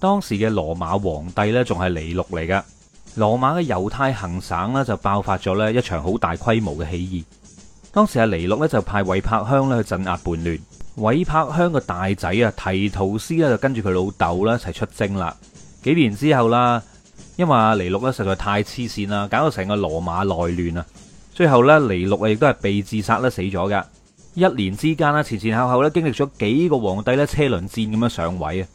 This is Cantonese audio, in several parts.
當時嘅羅馬皇帝咧，仲係尼禄嚟噶。羅馬嘅猶太行省咧，就爆發咗咧一場好大規模嘅起義。當時阿尼禄咧就派韋柏香咧去鎮壓叛亂。韋柏香個大仔啊提圖斯咧就跟住佢老豆啦一齊出征啦。幾年之後啦，因為尼禄咧實在太黐線啦，搞到成個羅馬內亂啊。最後呢，尼禄啊亦都係被自殺咧死咗噶。一年之間啦，前前後後咧經歷咗幾個皇帝咧車輪戰咁樣上位啊。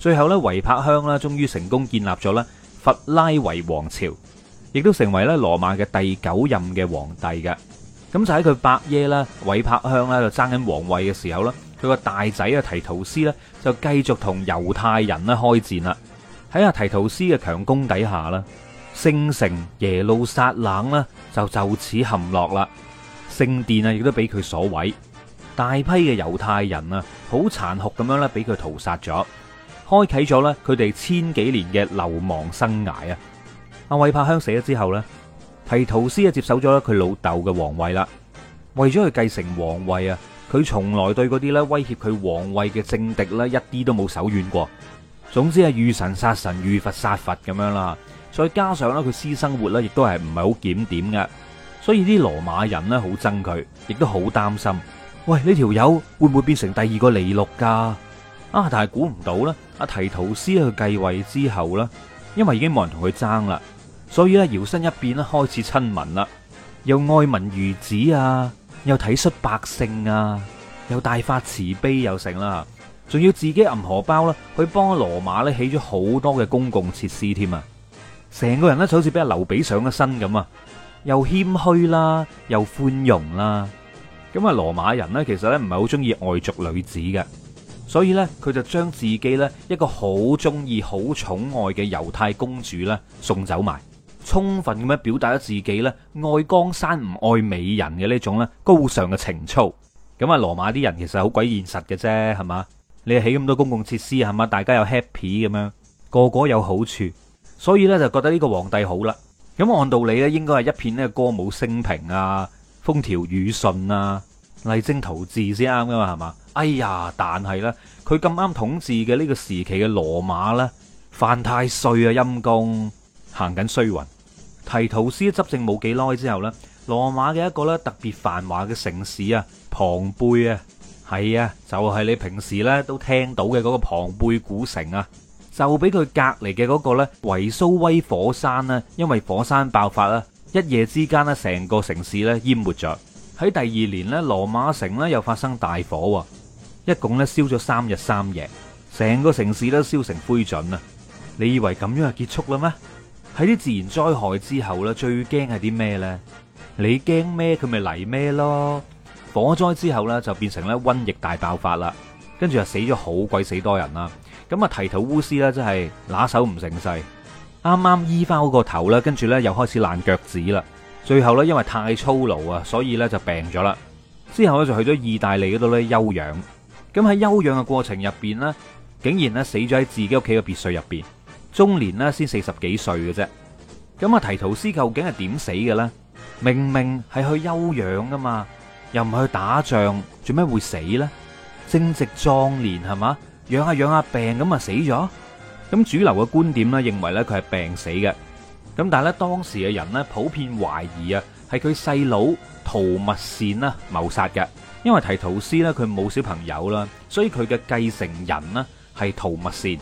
最後咧，維帕香啦，終於成功建立咗咧弗拉維王朝，亦都成為咧羅馬嘅第九任嘅皇帝嘅。咁就喺佢伯爺啦，維帕香啦，就爭緊皇位嘅時候啦，佢個大仔啊提圖斯咧就繼續同猶太人咧開戰啦。喺阿提圖斯嘅強攻底下啦，聖城耶路撒冷啦就就此陷落啦，聖殿啊亦都俾佢所毀，大批嘅猶太人啊好殘酷咁樣咧俾佢屠殺咗。開啟咗咧佢哋千幾年嘅流亡生涯啊！阿衛柏香死咗之後呢，提圖斯啊接手咗佢老豆嘅皇位啦。為咗佢繼承皇位啊，佢從來對嗰啲咧威脅佢皇位嘅政敵呢一啲都冇手軟過。總之係遇神殺神，遇佛殺佛咁樣啦。再加上呢佢私生活呢亦都係唔係好檢點嘅，所以啲羅馬人呢，好憎佢，亦都好擔心。喂，呢條友會唔會變成第二個尼祿噶？啊！但係估唔到咧，阿提圖斯佢繼位之後咧，因爲已經冇人同佢爭啦，所以咧搖身一變咧開始親民啦，又愛民如子啊，又體恤百姓啊，又大發慈悲又成啦，仲要自己銀荷包啦，去幫羅馬咧起咗好多嘅公共設施添啊！成個人咧就好似俾阿劉備上咗身咁啊，又謙虛啦，又寬容啦。咁啊，羅馬人咧其實咧唔係好中意外族女子嘅。所以咧，佢就將自己咧一個好中意、好寵愛嘅猶太公主咧送走埋，充分咁樣表達咗自己咧愛江山唔愛美人嘅呢種咧高尚嘅情操。咁啊，羅馬啲人其實好鬼現實嘅啫，係嘛？你起咁多公共設施，係嘛？大家又 happy 咁樣，個個有好處，所以咧就覺得呢個皇帝好啦。咁按道理咧，應該係一片呢歌舞升平啊，風調雨順啊，勵精圖治先啱噶嘛，係嘛？哎呀，但係呢，佢咁啱統治嘅呢個時期嘅羅馬呢，犯太歲啊，陰公行緊衰運。提圖斯執政冇幾耐之後呢，羅馬嘅一個咧特別繁華嘅城市啊，龐貝啊，係啊，就係、是、你平時咧都聽到嘅嗰個龐貝古城啊，就俾佢隔籬嘅嗰個呢維蘇威火山咧，因為火山爆發啦，一夜之間呢，成個城市呢淹沒咗。喺第二年呢，羅馬城呢又發生大火喎。一共咧燒咗三日三夜，成個城市都燒成灰燼啦。你以為咁樣就結束啦咩？喺啲自然災害之後啦，最驚係啲咩呢？你驚咩佢咪嚟咩咯？火災之後呢就變成咧瘟疫大爆發啦，跟住又死咗好鬼死多人啦。咁啊，提圖烏斯呢真係拿手唔成勢，啱啱醫翻好個頭啦，跟住呢又開始爛腳趾啦。最後呢，因為太粗勞啊，所以呢就病咗啦。之後呢，就去咗意大利嗰度呢休養。咁喺休養嘅過程入邊咧，竟然咧死咗喺自己屋企嘅別墅入邊，中年咧先四十幾歲嘅啫。咁啊，提圖斯究竟係點死嘅咧？明明係去休養噶嘛，又唔去打仗，做咩會死呢？正值壯年係嘛，養下養下病咁啊死咗。咁主流嘅觀點咧，認為咧佢係病死嘅。咁但係咧，當時嘅人咧普遍懷疑啊。係佢細佬圖密善啦謀殺嘅，因為提圖斯咧佢冇小朋友啦，所以佢嘅繼承人啦係圖密善。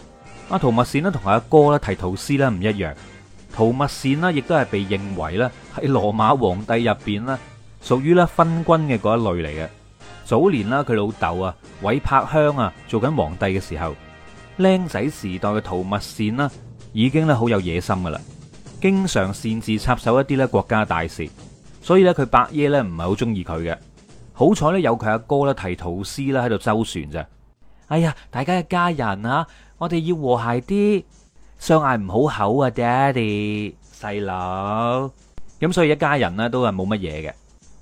阿圖密善咧同阿哥咧提圖斯咧唔一樣，圖密善咧亦都係被認為咧喺羅馬皇帝入邊咧屬於咧昏君嘅嗰一類嚟嘅。早年啦佢老豆啊韋柏香啊做緊皇帝嘅時候，僆仔時代嘅圖密善啦已經咧好有野心噶啦，經常擅自插手一啲咧國家大事。所以咧，佢伯爺咧唔係好中意佢嘅。好彩咧，有佢阿哥咧提圖斯啦喺度周旋咋，哎呀，大家一家人啊，我哋要和諧啲，相嗌唔好口啊，爹哋細佬。咁所以一家人呢都係冇乜嘢嘅。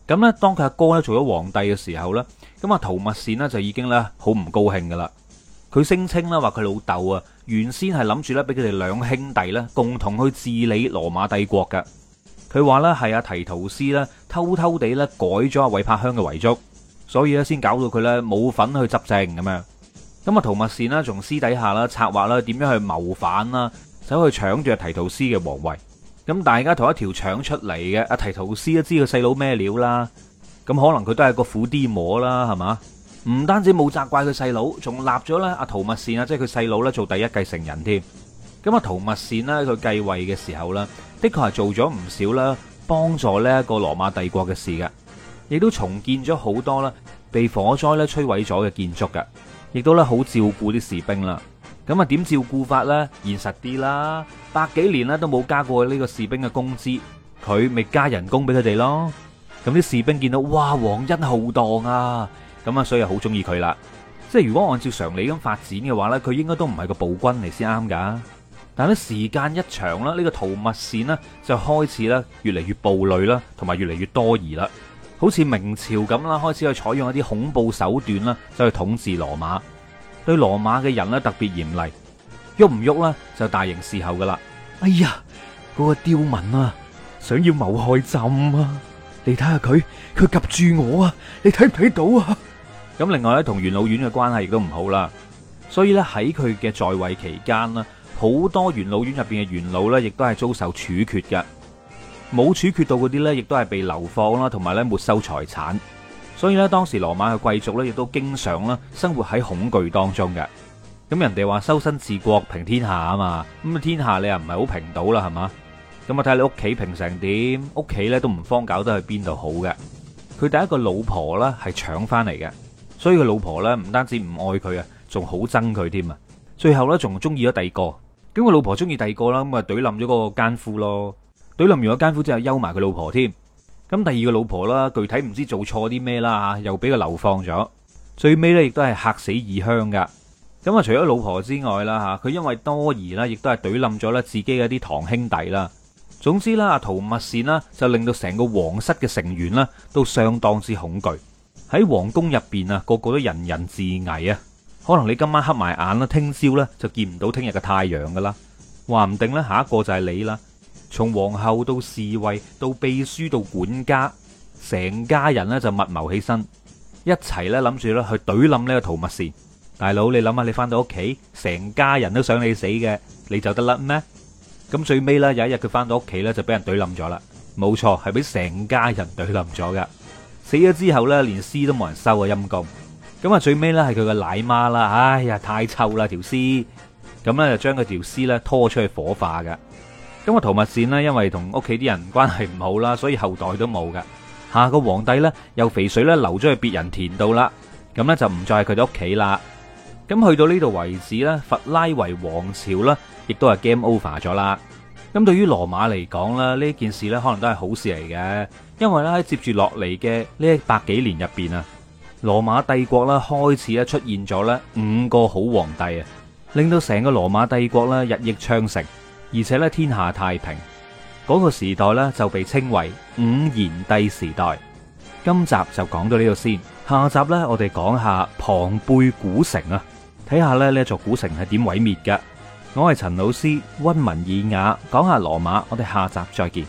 咁呢，當佢阿哥咧做咗皇帝嘅時候呢，咁啊，圖密善呢就已經咧好唔高興噶啦。佢聲稱咧話佢老豆啊，原先係諗住咧俾佢哋兩兄弟咧共同去治理羅馬帝國嘅。佢話咧係阿提圖斯咧偷偷地咧改咗阿韋柏香嘅遺囑，所以咧先搞到佢咧冇份去執政咁樣。咁阿圖密善咧從私底下啦策劃啦點樣去謀反啦，走去搶住阿提圖斯嘅皇位。咁大家同一條腸出嚟嘅阿提圖斯都知佢細佬咩料啦。咁可能佢都係個苦啲魔啦，係嘛？唔單止冇責怪佢細佬，仲立咗咧阿圖密善啊，即係佢細佬啦做第一繼承人添。咁啊，圖密善啦，佢繼位嘅時候呢，的確係做咗唔少啦，幫助呢一個羅馬帝國嘅事嘅，亦都重建咗好多啦，被火災咧摧毀咗嘅建築嘅，亦都咧好照顧啲士兵啦。咁啊，點照顧法呢？現實啲啦，百幾年咧都冇加過呢個士兵嘅工資，佢咪加人工俾佢哋咯。咁啲士兵見到哇，皇恩浩蕩啊，咁啊，所以好中意佢啦。即係如果按照常理咁發展嘅話呢，佢應該都唔係個暴君嚟先啱噶。但係咧，時間一長啦，呢、這個圖密善呢就開始咧越嚟越暴戾啦，同埋越嚟越多疑啦，好似明朝咁啦，開始去採用一啲恐怖手段啦，就去統治羅馬，對羅馬嘅人呢，特別嚴厲，喐唔喐咧就大型事後噶啦。哎呀，嗰、那個刁民啊，想要謀害朕啊！你睇下佢，佢及住我啊！你睇唔睇到啊？咁另外咧，同元老院嘅關係亦都唔好啦，所以咧喺佢嘅在位期間啦。好多元老院入邊嘅元老呢，亦都係遭受處決嘅；冇處決到嗰啲呢，亦都係被流放啦，同埋呢，沒收財產。所以呢，當時羅馬嘅貴族呢，亦都經常啦生活喺恐懼當中嘅。咁人哋話修身治國平天下啊嘛，咁天下你又唔係好平到啦，係嘛？咁啊睇你屋企平成點，屋企呢都唔慌搞得去邊度好嘅。佢第一個老婆呢，係搶翻嚟嘅，所以佢老婆呢，唔單止唔愛佢啊，仲好憎佢添啊。最後呢，仲中意咗第二個。咁佢老婆中意第二個啦，咁啊懟冧咗個奸夫咯，懟冧完個奸夫之後休埋佢老婆添。咁第二個老婆啦，具體唔知做錯啲咩啦，吓又俾佢流放咗。最尾咧亦都係客死異鄉噶。咁啊，除咗老婆之外啦，吓佢因為多疑啦，亦都係懟冧咗咧自己嘅啲堂兄弟啦。總之啦，圖密善啦，就令到成個皇室嘅成員啦，都相當之恐懼喺皇宮入邊啊，個個都人人自危啊。可能你今晚黑埋眼啦，聽朝呢，就見唔到聽日嘅太陽噶啦，話唔定呢，下一個就係你啦。從皇后到侍衛到秘書到管家，成家人咧就密謀起身，一齊呢，諗住咧去懟冧呢個圖密善。大佬，你諗下，你翻到屋企，成家人都想你死嘅，你就得啦咩？咁最尾呢，有一日佢翻到屋企呢，就俾人懟冧咗啦。冇錯，係俾成家人懟冧咗嘅。死咗之後呢，連屍都冇人收啊，陰公。咁啊，最尾呢，係佢個奶媽啦，哎呀，太臭啦條屍，咁呢，就將佢條屍咧拖出去火化噶。咁啊，圖密善呢，因為同屋企啲人關係唔好啦，所以後代都冇噶。下、啊、個皇帝呢，又肥水呢，流咗去別人田度啦，咁呢，就唔再係佢哋屋企啦。咁去到呢度為止呢，弗拉維王朝呢，亦都係 game over 咗啦。咁對於羅馬嚟講呢，呢件事呢，可能都係好事嚟嘅，因為喺接住落嚟嘅呢一百幾年入邊啊。羅馬帝國咧開始咧出現咗咧五個好皇帝啊，令到成個羅馬帝國咧日益昌盛，而且咧天下太平，嗰個時代咧就被稱為五賢帝時代。今集就講到呢度先，下集咧我哋講下龐貝古城啊，睇下咧呢座古城係點毀滅嘅。我係陳老師，溫文爾雅，講下羅馬，我哋下集再見。